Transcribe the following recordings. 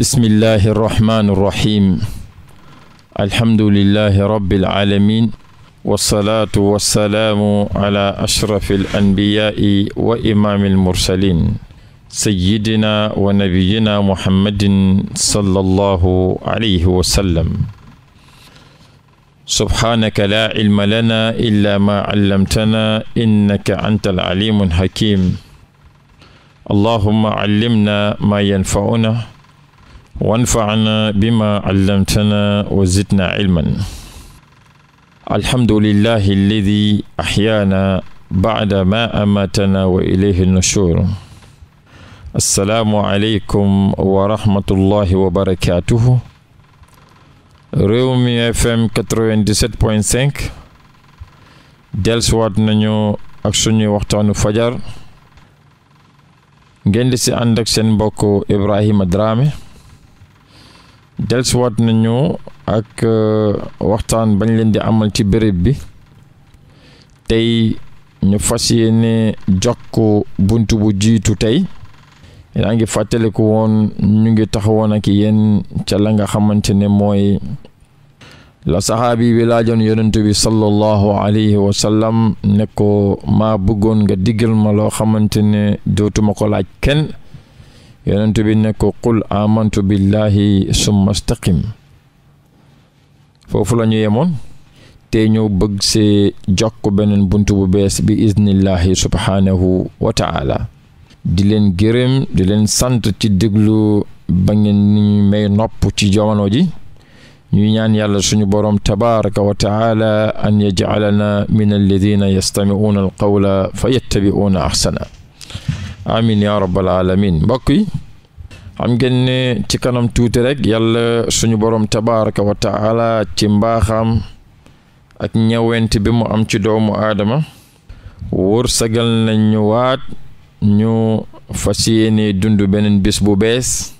bismillahi irrahmani irrahim alhamdulilahi rabbil alamin wasalaatu wasalaamu ala ashrafi al anbiyaai wa imaami almursalin sayidina wa nabiyina muhammadin sallallahu alayhi wa sallam subhaanaka laa cilma lana illa ma callamtana innaka anta alcalimu alxakim allahuma callimna ma yanfacuna wanfacna bima callamtana wa zidna cilman alhamdulillahi alladi axyaana bacda ma amatana wa ilayhi nushur assalaamu aleykum wa rahmatullahi wa barakaatuhu Rewmi FM 97.5 dellusiwaat nañu ak suñuy waxtaanu fajar ngeen di si ànd ak seen mbokk Ibrahima Dramé dellusiwaat nañu ak euh, waxtaan bañ leen di amal ci béréb bi tey ñu fas yéene jokk bunt bu jiitu tey yaa ngi fàttaliku woon ñu ngi taxawoon ak yéen ca la nga xamante ne mooy la saxaabi bi laajoon yonent bi sallallahu alayhi wa ne ko maa bëggoon nga diggal ma loo xamante ne dootuma ko laaj kenn yonent bi ne ko qul amantu billahi summa staqim foofu lañu yemoon te ñëw bëgg see jokk beneen bunt bu bees bi iznillahi subhaanahu wa taala di leen gërëm di leen sant ci déglu ba ngeen nopp ci jamono ji ñuy ñaan yàlla suñu boroom tabaraka wa taala an yajcalana min alladina yastamicuuna alqawla fa yattabicuuna axsana amin yaa rabbal alamin mbokk yi xam ngeen ci kanam tuuti rek yàlla suñu boroom tabaraka wa ci mbaaxam ak ñawent bi mu am ci doomu aadama wërsëgal nañ ñu waat ñu fas yéene dund beneen bis bu bees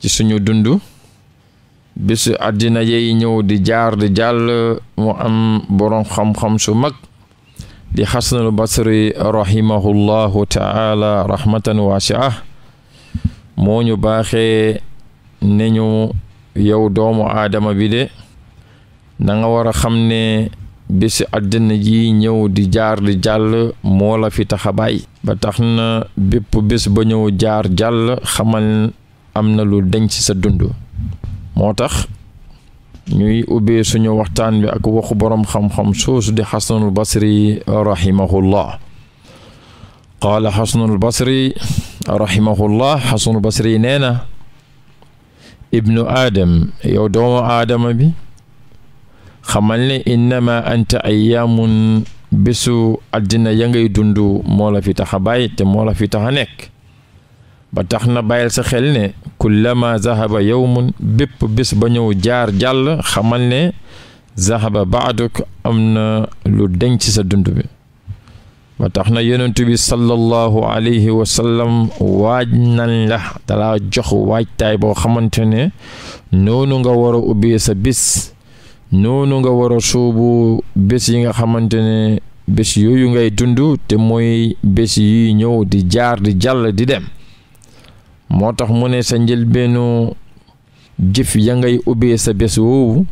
ci suñu dund bisu àddina yey ñëw di jaar di jàll mu am boroom xam-xam su mag di xasanul basri rahimahullahu taala rahmatan waasiah moo ñu baaxee ne ñu yow doomu aadama bi de na nga war a xam ne bési àddina ji ñëw di jaar di jàll moo la fi tax a ba tax na bépp bés ba ñëw jaar jàll xamal am na lu denc sa dund moo tax ñuy ubbee suñu waxtaan bi ak waxu boroom xam-xam soosu di xasanul basri rahimahullah qaala xasanul basri rahimahullah xasanul basri nee na ibnu aadam yow doomu aadama bi xamal ne innama anta ayyaamun bésu àddina ya ngay dund moola fi tax a bàyyi te moo fi tax nekk ba tax na bàyyil sa xel ne kullama zahaba yawmun bépp bés ba ñëw jaar jàll xamal ne zahaba baaduk am na lu denc sa dund bi ba tax na yonentu bi sallallahu alayhi wa sallam waaj nañ la dalaa jox waajtaay boo xamante ne noonu nga war a sa bés noonu nga war a sóobu bés yi nga xamante ne bés yooyu ngay dund te mooy bés yi ñëw di jaar di jàll di dem moo tax mu ne sa njëlbeenu jëf ya ngay ubbee sa bés woowu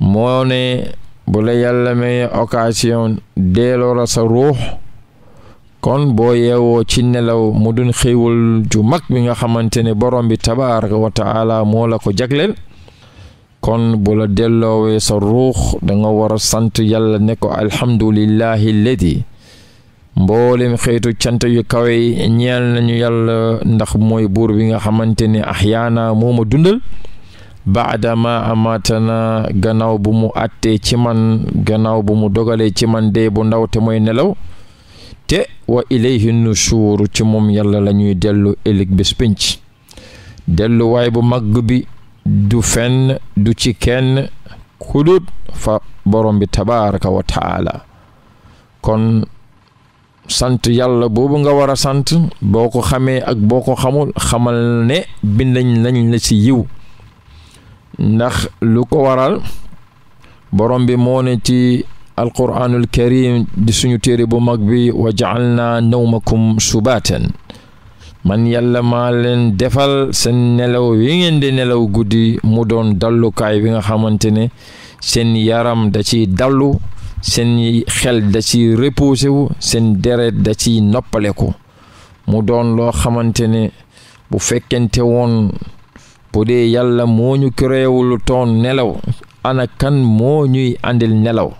moo ne bu la yàlla may occasion deeloora sa ruux kon boo yeewoo ci nelaw mu dun xéewal ju mag bi nga xamante ne borom bi tabaaraka wa moo la ko jagleel kon bu la delloowee sa ruux da war a sant yàlla ne ko alhamdulillahi ladi mboolem xeetu cant yu kawe yi ñeel nañu yàlla ndax mooy buur bi nga xamante ne axyaana moo ma dundal baadama amaatana gannaaw bu mu àttee ci man gannaaw bu mu dogalee ci man dee bu ndaw te mooy nelaw te wa ilayhi nusuur ci moom yàlla lañuy ñuy elig ëllëg bés pénc delluwaay bu màgg bi du fenn du ci kenn kudut fa borom bi tabaraka wa kon sant yàlla boobu nga war a sant boo ko xamee ak boo ko xamul xamal ne bindañ nañ la ci yiw ndax lu ko waral borom bi moo ne ci alquraanul karim di suñu téere bu mag bi wa ja'alnaa nawmakum subaatan man yàlla maa leen defal seen nelaw yi ngeen di nelaw guddi mu doon dallukaay bi nga xamante ne seen yaram da ci dallu seen xel da ci reposé wu seen deret da ci noppaleku mu doon loo xamante ne bu fekkente woon bu dee yàlla moo ñu créewul toon nelaw ana kan moo ñuy àndil nelaw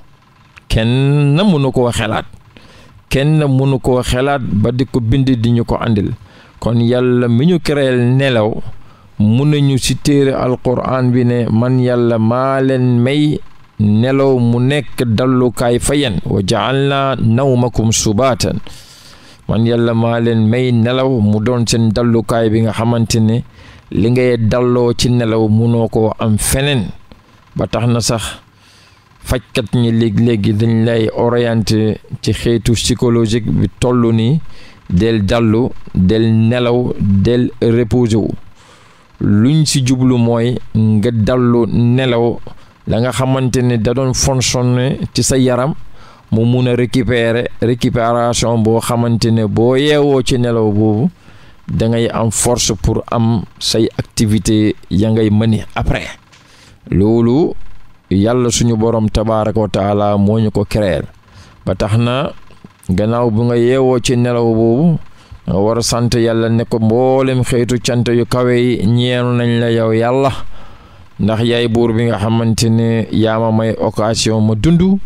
kenn mënu koo xelaat kenn mënu koo xelaat ba di ko bind di ñu ko àndil kon yàlla mi ñu créel nelaw mun nañu ci téere alquran bi ne man yàlla maa leen may nelaw mu nekk dallukaay fa yéen wa ja'alna nawmakum subaatan man yàlla maa leen may nelaw mu doon seen dallukaay bi nga xamante ne li ngay dalloo ci nelaw munoo ko am feneen ba tax na sax fajkat ñi léegi-léegi dañ lay orienté ci xeetu psychologique bi toll nii del dallu del nelaw del reposé luñ ci jublu mooy nga dallu nelaw la nga xamante ne da doon fonctionner ci sa yaram mu mun a récupérer récupération boo xamante ne boo yeewoo ci nelaw boobu da ngay am force pour am say activité ya ngay mëni après loolu yàlla suñu borom tabaaraka wa moo ñu ko créer ba tax na gannaaw bi nga yeewoo ci nelaw boobu nga war a sant yàlla ne ko mboolem xeetu cant yu kawe yi ñeenu nañ la yow yàlla ndax yaay buur bi nga xamante ne yaa ma may occasion ma dund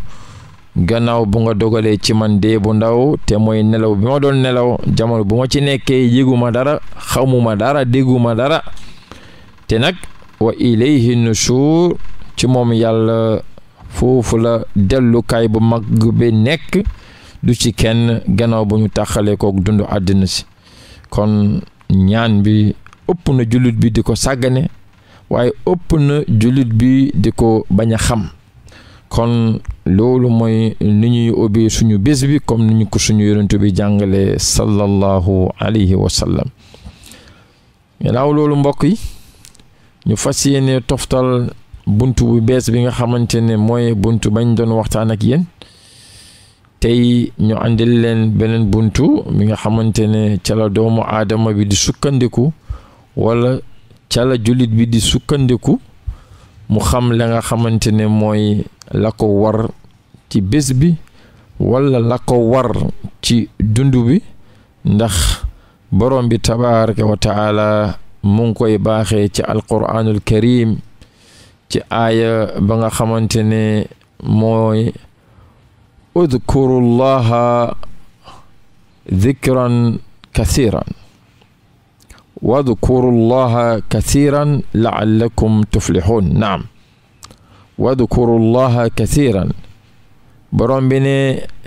gannaaw bu nga dogalee ci man dee bu ndaw te mooy nelaw bi ma doon nelaw jamono bu ma ci nekkee yëguma dara xamuma dara dégguma dara te nag wa ilayhi nushur ci moom yàlla foofu la dellukaay bu mag bi nekk du ci kenn gannaaw bu ñu taxalee kook dund àddina si kon ñaan bi ëpp na jullit bi di ko sàggane waaye ëpp na jullit bi di ko bañ a xam kon loolu mooy ni ñuy ubbi suñu bés bi comme ni ñu ko suñu yonent bi jàngale sallallahu alayhi wa sallam loolu mbokk yi ñu fas yéene toftal bunt bu bees bi nga xamante ne mooy buntu bañ doon waxtaan ak yéen tey ñu àndil leen beneen buntu bi nga xamante ne ca la doomu aadama bi di sukkandiku wala cala la jullit bi di sukkandiku mu xam la nga xamante ne mooy lakko war ci bés bi walla lakko war ci dund bi ndax borom bi tabaraka wa taala koy baaxe ci alquraanul karim ci aaya ba nga xamante ne mooy udkuru llaha kathiran wadkuru llaha kasiran laallakum tuflihun naam wadkuru llaha kasiran borom bi ne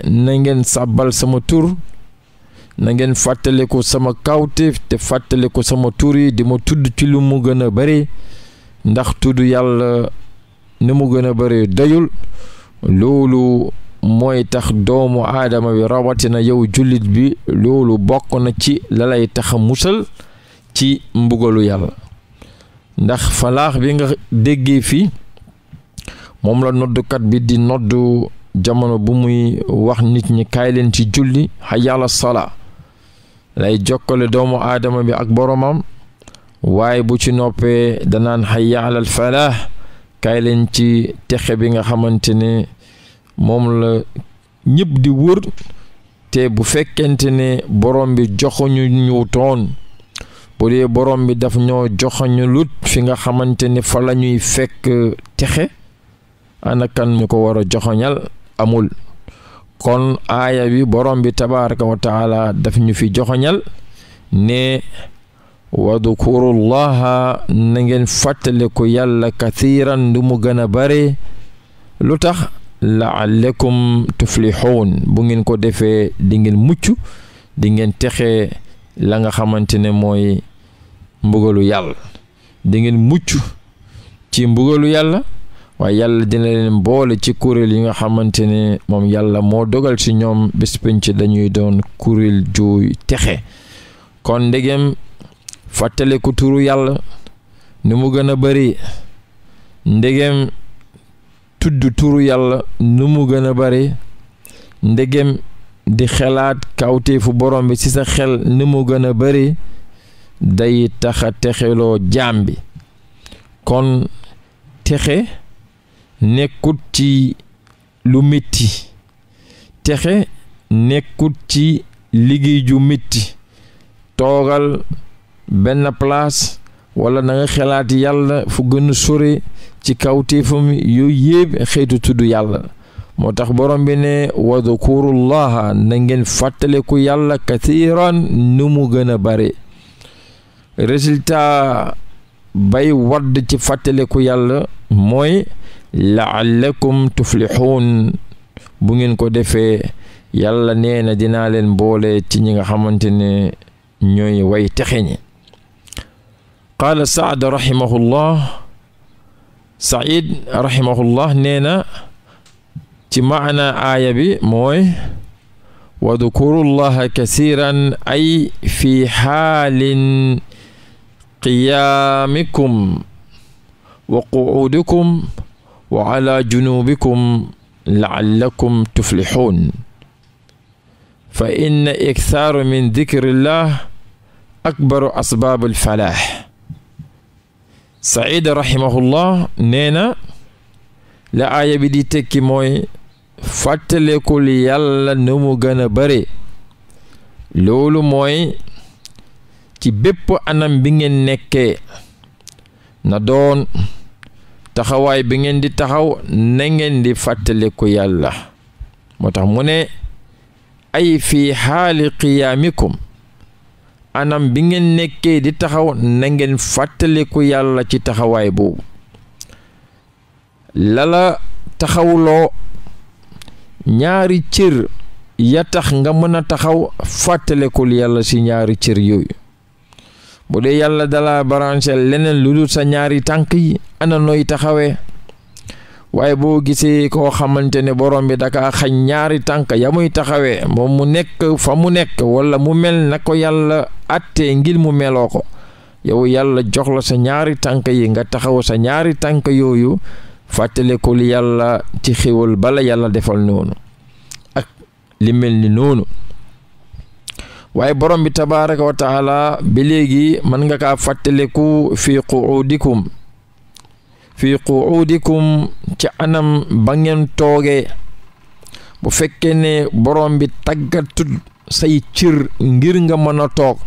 na ngeen sàbbal sama tur na ngeen ko sama kawtéef te ko sama tur yi di ma tudd ci lu mu gën a bëri ndax tudd yàlla ni mu gën a bëri dayul loolu mooy tax doomu aadama bi rawatina yow jullit bi loolu bokk na ci lalay lay tax musal ci mbugalu yàlla ndax falaax bi nga déggee fi moom la noddukat bi di noddu jamono bu muy wax nit ñi kaay leen ci julli hayya ala salaa lay jokkale doomu aadama bi ak boroomam waaye bu ci noppee danaan hayya ala falaax kaay leen ci texe bi nga xamante ne moom la ñépp di wër te bu fekkente ne borom bi joxuñu ñu toon bu dee borom bi dafa ñoo joxañu lut fi nga xamante ne fa la ñuy fekk texe ana kan mu ko war a joxoñal amul kon aaya bi borom bi tabaraka wa taala daf ñu fi joxoñal ne wadukurullaha na ngeen fàttale ko yàlla kathiran du mu gën a bare lu tax la'allakum tuflihun bu ngeen ko defee dingeen mucc dingeen texe la nga xamante ne mooy mbugalu yàlla di ngeen mucc ci mbugalu yàlla waaye yàlla dina leen boole ci kuréel yi nga xamante ne moom yàlla moo dogal ci ñoom bés dañuy doon kuréel ju texe kon ndegem fàttaliku tuuru yàlla ni mu gën a bari ndegem tudd turu yàlla nu mu gën a bari ndegem di xelaat kawtéefu borom bi ci sa xel ni mu gën a bari day taxa texeloo jaam bi kon texe nekkut ci lu metti texe nekkut ci liggéey ju metti toogal benn place wala na xelaat yàlla fu gën a sore ci kawteefam yooyu yépp xeetu tudd yàlla moo tax borom bi ne wadkurullaha na ngeen fàttaliku yàlla kathiran nu mu gën a bare résultat bay wadd ci fàttaliku yàlla mooy laallakum tuflixuun bu ngeen ko defee yàlla nee na dinaa leen boole ci ñi nga xamante ne ñooy way texe ñi qaala saad rahimahullah said rahimahullah nee na ci maana aaya bi mooy wadkuru llaha kasiran ay fi xaalin qiyaamikum wa quuudikum wa ala junuubikum laallakum tuflixuun fa inna ikthaaru min dikrillah akbaru asbaabu alfalaax said rahimahullah nee na la aaya bi di tekki mooy fàttalekul yàlla nu mu gëna a bare loolu mooy ci bépp anam bi ngeen nekkee na doon taxawaay bi ngeen di taxaw na ngeen di fàttaliku yàlla moo tax mu ne ay fii xaali qiyaamikum anam bi ngeen nekkee di taxaw na ngeen fàttaliku yàlla ci taxawaay boobu lala taxawloo ñaari cër ya tax nga mën a taxaw fàttalekul yàlla ci ñaari cër yooyu bu dee yàlla dala branché leneen lu dul sa ñaari tànk yi ana nooy taxawee waaye boo gisee koo xamante ne borom bi daka xañ ñaari tànk ya muy taxawee moom mu nekk fa mu nekk wala mu mel na ko yàlla attee ngir mu meloo ko yow yàlla jox la sa ñaari tànk yi nga taxaw sa ñaari tànk yooyu fàttalikul yàlla ci xéwal bala yàlla defal noonu ak li mel ni noonu waaye borom bi tabaraka wa taala ba léegi mën nga kaa fàttaliku fii quudikum fii quudikum ci anam ba ngeen toogee bu fekkee ne borom bi tàggatut say cir ngir nga mën a toog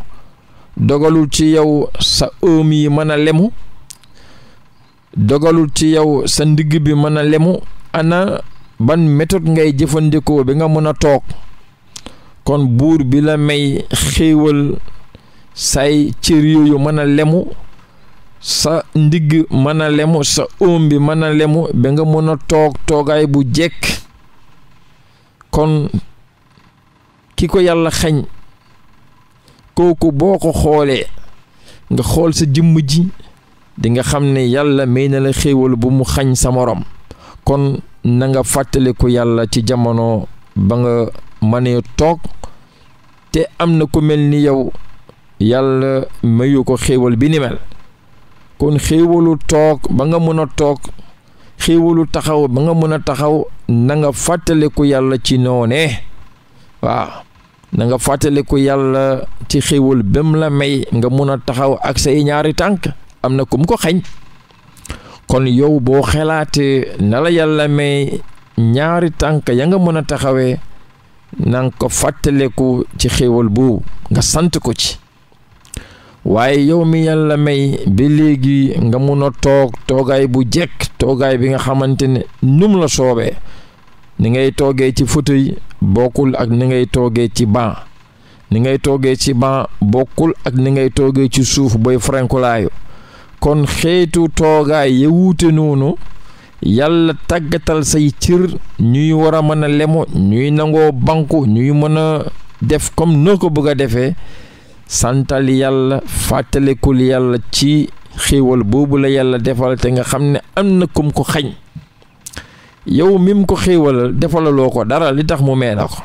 dogalul ci yow sa ëm yi mën a lemu dogalul ci yow sa ndigg bi mën a lemu ana ban méthode ngay jëfandikoo bi nga mën a toog kon buur bi la may xéewal say cër yooyu mën a lemu sa ndigg mën a lemu sa óom bi mën a lemu bi nga mën a toog toogaay bu jekk kon ki ko yàlla xañ kooku boo ko xoolee nga xool sa jëmm ji dinga xam ne yàlla may na la xéewal bu mu xañ sa moroom kon nanga nga fàttaliku yàlla ci jamono ba nga mënee toog te am na ku mel ni yow yàlla mayu ko xéewal bi ni mel kon xéewalu toog ba nga mën a toog xéewalu taxaw ba nga mën a taxaw nanga nga fàttaliku yàlla ci noonee waaw na yàlla ci xéewal bam la may nga mën a taxaw ak say ñaari tànk am na ku mu ko xeñ kon yow boo xelaatee na la yàlla may ñaari tànk ya nga mën a taxawee nanga ko fàttaleku ci xéewal boobu nga sant ko ci waaye yow mi yàlla may bi léegi nga mun a toog toogaay bu jekk toogaay bi nga xamante ne num la soobee ni ngay toogee ci fauteuil bokkul ak ni ngay toogee ci banc ni ngay toogee ci banc bokkul ak ni ngay toogee ci suuf booy frankulaayu kon xeetu toogaay ya wuute noonu yàlla tàggatal say cër ñuy war a mën a lemo ñuy nangoo banku ñuy mën a def comme noo ko bëgg a defee santal yàlla fàttalikul yàlla ci xéewal boobu la yàlla defal te nga xam ne am na kum ko xañ yow mim ko xéewalal defalaloo ko dara li tax mu mee na ko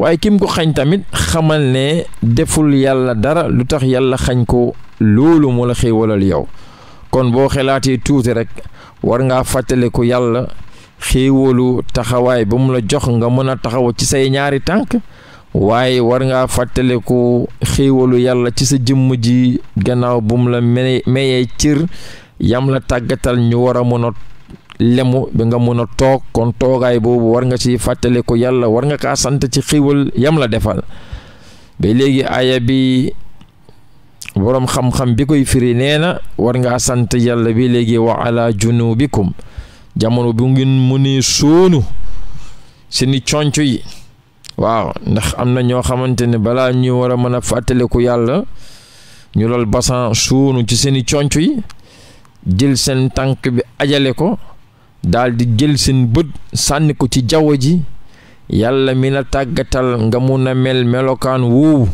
waaye kiim ko xañ tamit xamal ne deful yàlla dara lu tax yàlla xañ ko loolu mu la xéewalal yow kon boo xelaatee tuuti rek war ngaa fàttaliku yàlla xéewalu taxawaay ba mu la jox nga mën a taxaw ci say ñaari tànk waaye war ngaa fàttaliku xéewalu yàlla ci sa jëmm ji gannaaw bu mu la mayee cër yam la tàggatal ñu war a mën a lemu bi nga mën a toog kon toogaay boobu war nga ci fàttale ko yàlla war nga kaa sant ci xiwal yam la defal ba léegi aaya bi boroom xam-xam bi koy firi nee na war nga sant yàlla bi léegi wa ala junubikum jamono bu ngeen muni sóonu seeni conc yi waaw ndax am na ñoo xamante ne balaa ñu war a mën a fàttaliku yàlla ñu lal basan sóonu ci seeni conc yi jël seen tànk bi ajale ko daldi di jël seen bët sànni ko ci jaww ji yàlla mi la tàggatal nga mun a mel melokaan woowu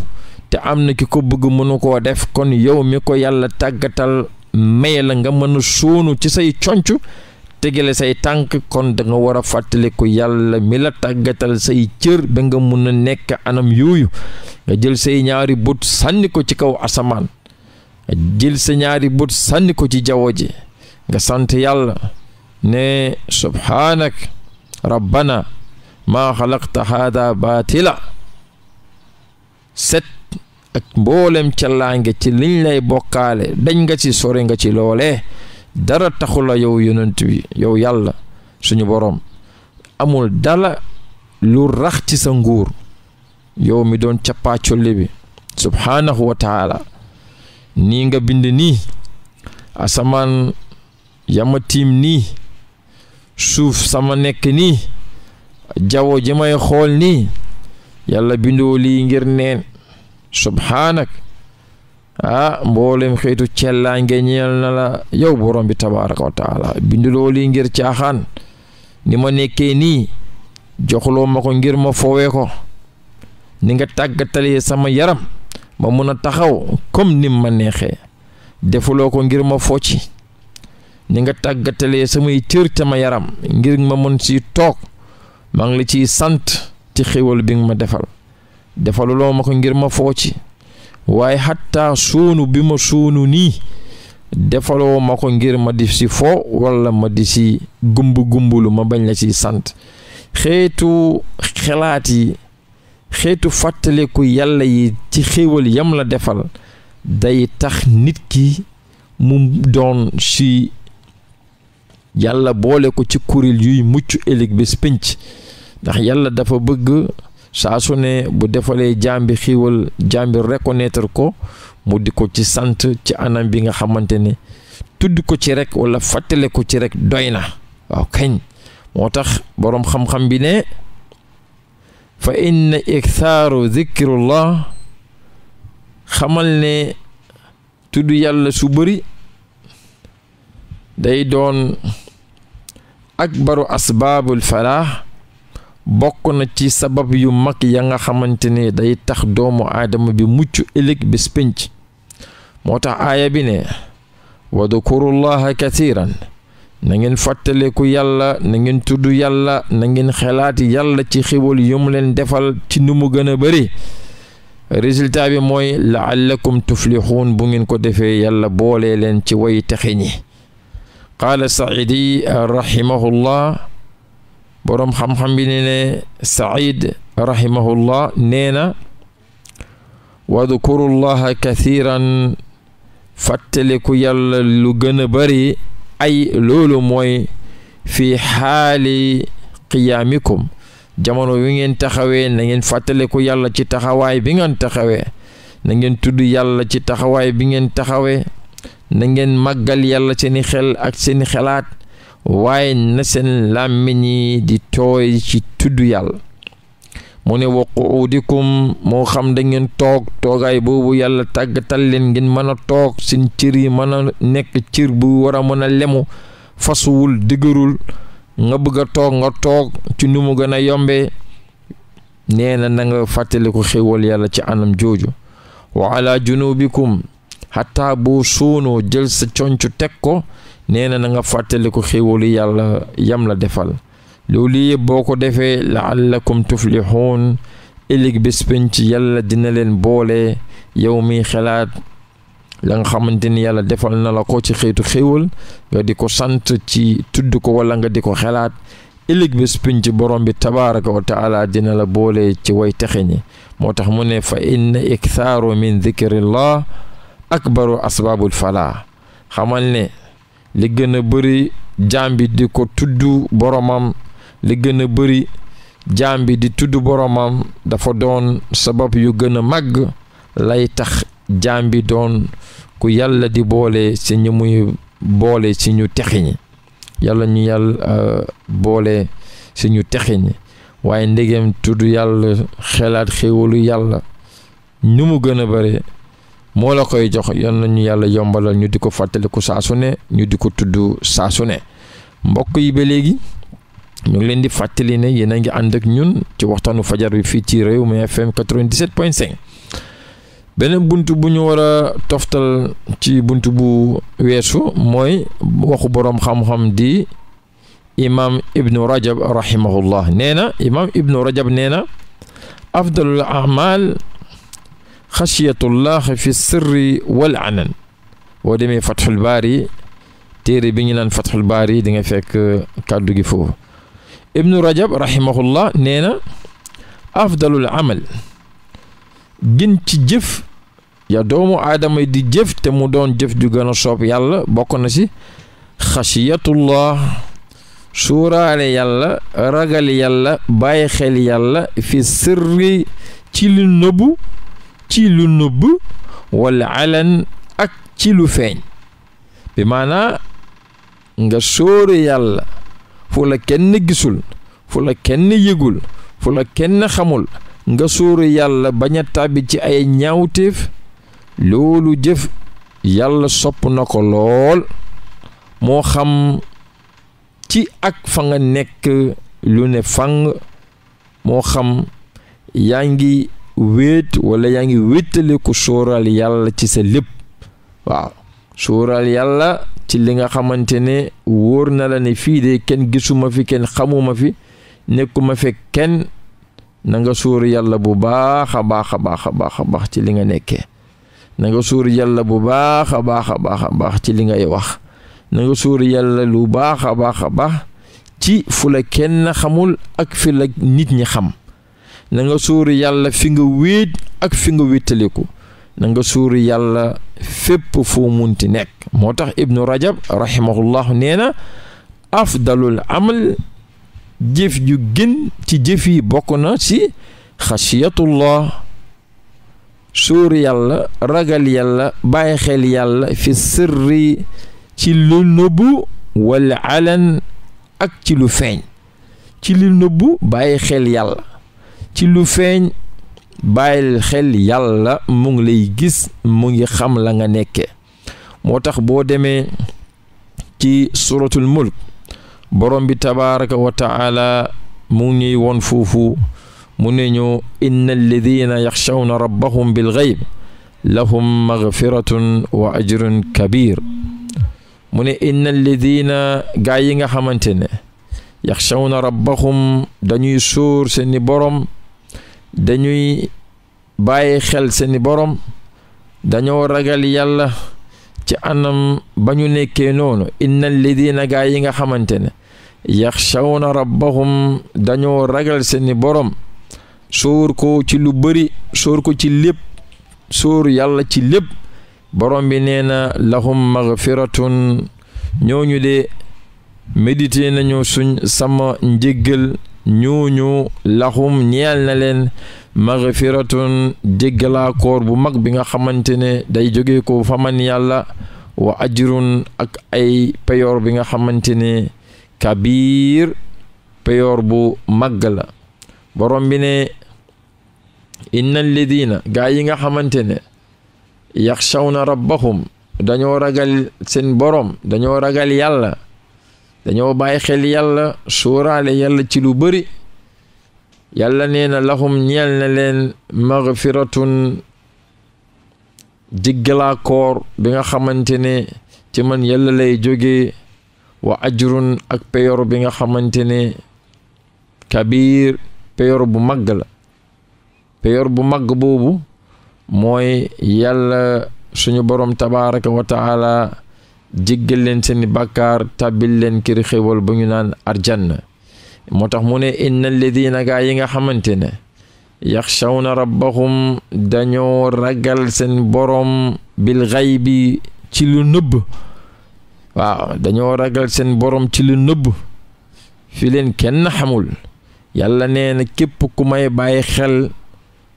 te am na ki ko bëgg mënu koo def kon yow mi ko yàlla tàggatal may la nga mën a sóonu ci say conc tegale say tànk kon da nga war a fàttaliku yàlla mi la tàggatal say cër ba nga mun na nekk anam yooyu nga jël say ñaari bët sànni ko ci kaw asamaan nga jël sa ñaari bët sànni ko ci jaww ji nga sant yàlla ne subhaanak rabbana maa xalaqta haada baatila set ak mboolem callaange ci liñ lay bokkaale dañ nga ci sori nga ci loole dara taxula yow yonent yow yàlla suñu boroom amul dala lu rax ci sa nguur yow mi doon cappaacolli bi subhaanahu wa taala nii nga bind nii asamaan yama nii suuf sama nekk nii jaww ji may xool nii yàlla bindoo lii ngir neen subhaanak ah mboolem xeetu cellaange ñeel na la yow borom bi tabaraka wa taala lii ngir caaxaan ni ma nekkee nii joxuloo ma ko ngir ma foowee ko ni nga tàggatalee sama yaram ma mën a taxaw comme nim ma neexee defuloo ko ngir ma focci ni nga tàggatalee samay cër ca ma yaram ngir ma mën ci toog maa ngi la ciy sant ci xéwal bi ma defal defaluloo ma ko ngir ma foo ci waaye xattaa suunu bi ma suunu nii defaloo ma ko ngir ma di si foo walla ma di si gumb gumbulu ma bañ la ciy sant xeetu xalaat yi xeetu fàttaliku yàlla yi ci xéwal yam la defal day tax nit ki mu doon si yàlla boole ko ci kuréel yuy mucc ëllëg bés pénc ndax yàlla dafa bëgg saa su ne bu defalee jaam bi xiiwal jaam bi ko mu di ko ci sant ci anam bi nga xamante ne tudd ko ci rek wala fàttale ko ci rek doy na waaw kañ moo tax boroom xam-xam bi ne fa inna ikthaaru zikrullah xamal ne tudd yàlla su bëri day doon akbaru asbaabul falaax bokk na ci sabab yu mag ya nga xamante ne day tax doomu aadama bi mucc ëllëg bés pénc moo tax aaya bi ne wadukurullaha katiran na ngeen fàttaleku yàlla na ngeen tudd yàlla na ngeen xalaat yàlla ci xéwal yu leen defal ci nu mu gën a bëri résultat bi mooy laallakum tuflixuun bu ngeen ko defee yàlla boolee leen ci way texe ñi qaala saidi rahimahullah boroom xam-xam bi ne ne said rahimahullah nee na wadkuru llaha kathiran fàttaliku yàlla lu gën a bari ay loolu mooy fi xaali qiyaamikum jamono wi ngeen taxawee na ngeen fàttaliku yàlla ci taxawaay bi ngeen taxawee nangeen tudd yàlla ci taxawaay bi ngeen taxawee na ngeen màggal yàlla seeni xel ak seeni xalaat waaye na seen làmmiñ yi di tooy ci tudd yàlla mu ne wa qu'udikum moo xam dangeen toog toogaay boobu yàlla tàggatal leen ngeen mën a toog seen cër yi mën a nekk cër bu war a mën a lemu fasuwul dëgërul nga bëgg a toog nga toog ci nu mu gën a yombe neena na na nga fàttaliku xéwal yàlla ci anam jooju wa ala xataa boo suunoo jël sa conc teg ko nee na na nga fàttali ko xéwalu yàlla yam la defal loolu yëpp boo ko defee laallakum tuflixuun ëllëg bés penc yàlla dina leen boole yow mi xalaat la nga xamante ni yàlla defal na la ko ci xeetu xéwal nga di ko sant ci tudd ko wala nga di ko xalaat ëllëg bés penc borom bi tabaraka wa taala dina la boole ci way texe ñi moo tax mu ne fa inna ikthaaru min dikrillah akbaru asbaabul falaa xamal ne li gën a bëri di ko tudd boromam li gën a bëri jaam bi di tudd boromam dafa doon sabab yu gën a màgg lay tax jaam doon ku yàlla di boole ci ñu muy boole ci ñu texiñ yàlla ñu yàlla euh, boole ci ñu texiñ waaye ndegem tudd yàlla xelaat xéwalu yàlla ñu mu gën a bare moo la koy jox yal nañu yàlla yombalal ñu di ko fàttaliku saa ne ñu di ko tudd saa ne mbokk yi ba léegi ñu ngi leen di fàttali ne yéen a ngi ànd ak ñun ci waxtaanu fajar bi fii ci réew mi FM 97.5 beneen bunt bu ñu war a toftal ci bunt bu weesu mooy waxu boroom xam-xam di imaam ibnu rajab rahimahullah nee na imaam ibnu rajab nee na afdalul amal xachiyatullah fi sirri wal anan boo demee fatxul baari téere bi ñu naan fatxul baari di nga fekk uh, kàddu gi foofu ibnu rajab rahimahullah nee na afdalul amal gën ci jëf ya doomu aadama di jëf te mu doon jëf ju gën a soob yàlla bokk na ci xachiyatullah suuraale yàlla ragal yàlla bàyyi fi sirri ci li nëbbu ci lu nëbb wala alan ak ci lu feeñ bi maanaa nga sóore yàlla fu la kenn gisul fu la kenn yëgul fu la kenn xamul nga sóore yàlla bañ a tàbbi ci ay ñaawteef loolu jëf yàlla sopp na ko lool moo xam ci ak fa nga nekk lu ne fang moo xam yaa ngi wéet wala yaa ngi wéetale ko sóoraal yàlla ci sa lépp waaw sóoraal yàlla ci li nga xamante ne wóor na la ne fii de kenn gisuma fi kenn xamuma fi nekkuma fekk kenn na nga sóor yàlla bu baax a baax a baax a baax a baax ci li nga nekkee na nga yàlla bu baax a baax a baax a baax ci li ngay wax na nga yàlla lu baax a baax a baax ci fu la kenn xamul ak fi la nit ñi xam na nga suur yàlla fi nga wéet ak fi nga wéttaliku nanga nga suur yàlla fépp foo nekk moo tax ibnu rajab rahimahullah nee na afdalul amal jëf ju gën ci jëf yi bokk na ci xasiyatullah suur yàlla ragal yàlla bàyyi xel yàlla fi sirri ci lu nëbbu wala alan ak ci lu feeñ ci lu nëbbu bàyyi xel yàlla ci lu feeñ bàyyil xel yàlla mu ngi lay gis mu ngi xam la nga nekke moo tax boo demee ci suratul mulk borom bi tabaraka wa mu ngi ñuy woon foofu mu ne ñu inna alladina yaxshawna rabbahum bil gayb lahum magfiratun wa ajrun kabir mu ne inna alladina gaa yi nga xamante ne yaxshawna rabbahum dañuy sóor seeni borom dañuy bàyyi xel seeni borom dañoo ragal yàlla ci anam ba ñu nekkee noonu inna alladina gaa yi nga xamante ne yaxshawna rabbahum dañoo ragal seeni borom sóor ko ci lu bari sóor ko ci lépp sóor yàlla ci lépp borom bi nee na lahum magfiratun ñooñu de médité nañu suñ sama njéggal ñooñu laxum ñeel na leen maghfiratun jéggalaa bu mag bi nga xamante ne day jóge ko faman yàlla wa ajrun ak ay peyoor bi nga xamante ne kabiir peyoor bu màgg la borom bi ne innal ladina gaa yi nga xamante ne yaxshawna rabbahum dañoo ragal seen borom dañoo ragal yàlla dañoo bàyyi xel yàlla suuraale yàlla ci lu bari yàlla nee na lahum ñeel na leen magfiratun jiggalaa koor bi nga xamante ne ci man yàlla lay jóge wa ajrun ak peyor bi nga xamante ne kabiir peyor bu magg la peyor bu magg boobu mooy yàlla suñu borom tabaraka wa jéggal leen seeni bàkkaar tàbbil leen kër xéwal bu ñu naan arjanna moo tax mu ne inna alladina gaa yi nga xamante ne yaxshawna rabbahum dañoo ragal seen boroom bil xaybi ci lu nëbb waaw dañoo ragal seen boroom ci lu nëbb fi leen kenn xamul yàlla nee na képp ku may bàyyi xel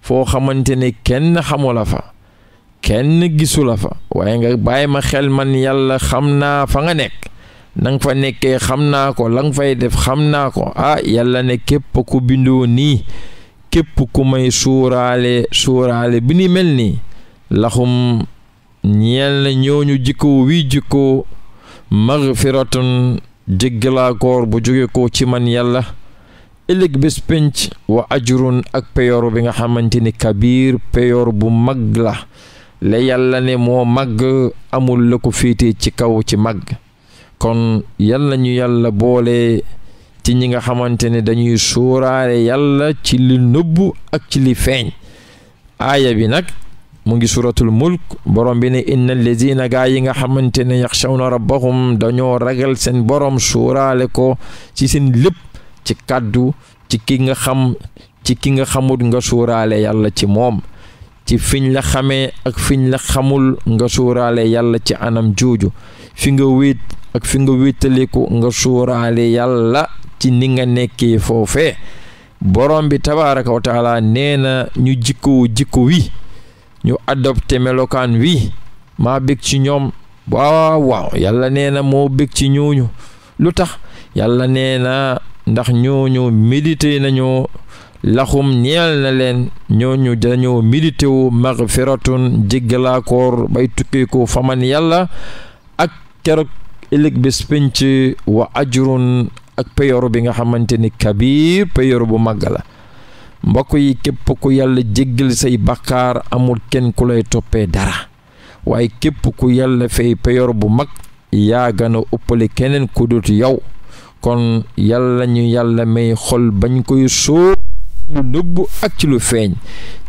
foo xamante ne kenn xamula fa kenn gisula fa waaye nga bàyyi ma xel man yàlla xam naa fa nga nekk na nga fa nekkee xam naa ko la fay def xam naa ko ah yàlla ne képp ku bindoo nii képp ku may suuraale suuraale bi ni mel nii laxum ñeel na ñooñu jikko wii jikko magfiratun jéggalaa koor bu jóge ko ci man yàlla ëllëg bés penc wa ajurun ak peyoor bi nga xamante ni kabiir peyoor bu mag la la yàlla ne moo màgg amul la ko féete ci kaw ci màgg kon yàlla ñu yàlla boole ci ñi nga xamante ne dañuy suuraale yàlla ci li nëbbu ak ci li feeñ aaya bi nag mu ngi suratul mulk borom bi ne inna allazina gaa yi nga xamante ne yaxshawna rabbahum dañoo ragal seen borom suuraale ko ci seen lépp ci kàddu ci ki nga ki nga xamut nga suuraale yàlla ci moom ci fiñ la xamee ak fiñ la xamul nga suuraale yàlla ci anam jooju fi nga wéet ak fi nga wéetaliku nga suuraale yàlla ci ni nga nekkee foofee borom bi tabaaraka wa taala nee na ñu jikkowu jikko wi ñu adopté melokaan wi maa bég ci ñoom waaw yàlla nee na moo bég ci ñuuñu lu tax yàlla nee ndax ñooñu médité nañu laxum ñeel na leen ñooñu dañoo médité wu magfiratun jéggalaakoor bay tukkeeku faman yàlla ak keroog ëllëg bés pénc wa ajrun ak payoor bi nga xamante ni kabiir payoor bu màgg la mbokk yi képp ku yàlla jéggal say bàkkaar amul kenn ku lay toppee dara waaye képp ku yàlla fay payoor bu mag yaa gën a ëppale keneen ku dut yow kon yàlla na ñu yàlla may xol bañ koy sóor lu nëbb ak ci lu feeñ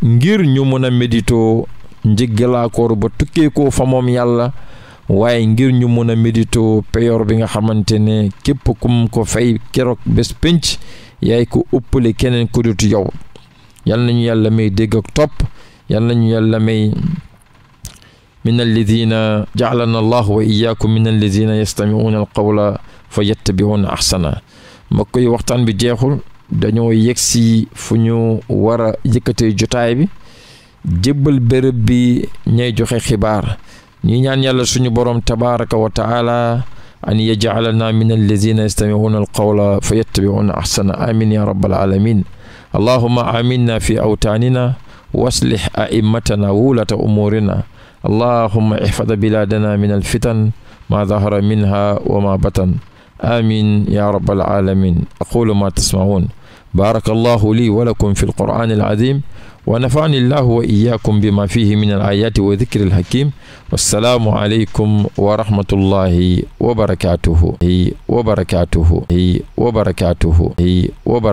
ngir ñu mën a méditoo njëggalaakoor ba tukkeekoo fa moom yàlla waaye ngir ñu mën a méditoo peyor bi nga xamante ne képp kum ko fay keroog bés pénc yaay ko ëppale keneen ko dut yow yàlla nañu yàlla may dégg ak topp yàlla nañu yàlla may min alladina jaalana allahu wa iyaakum min alladina yastamiuuna alqawla fa yattabiuuna ahsana waxtaan bi jeexul dañoo yegg si fu ñu war a jotaay bi jébbal bërëb bi ñay joxe xibaar ñi ñaan yàlla suñu borom tabaraka wa taala an yajcalana min alladina yastamicuuna alqawla fa yattabicuuna axsana amin ya rabbal alamin aminna fi awtaanina waslix aimmatana wulata umuurina allahuma ihfad bilaadana min alfitan ma dahara minha wa ma batan amin ya rabbal alamin aqulu ma tasmaun baraka allahu lii wa lakum fi alqur'ani alazim wa nafani allahu wa iyaakum bima fihi min alayati wa dikri alhakim wassalaamu aleykum wa rahmatullahi wa barakatuhu wa barakatuhu wa barakatuhu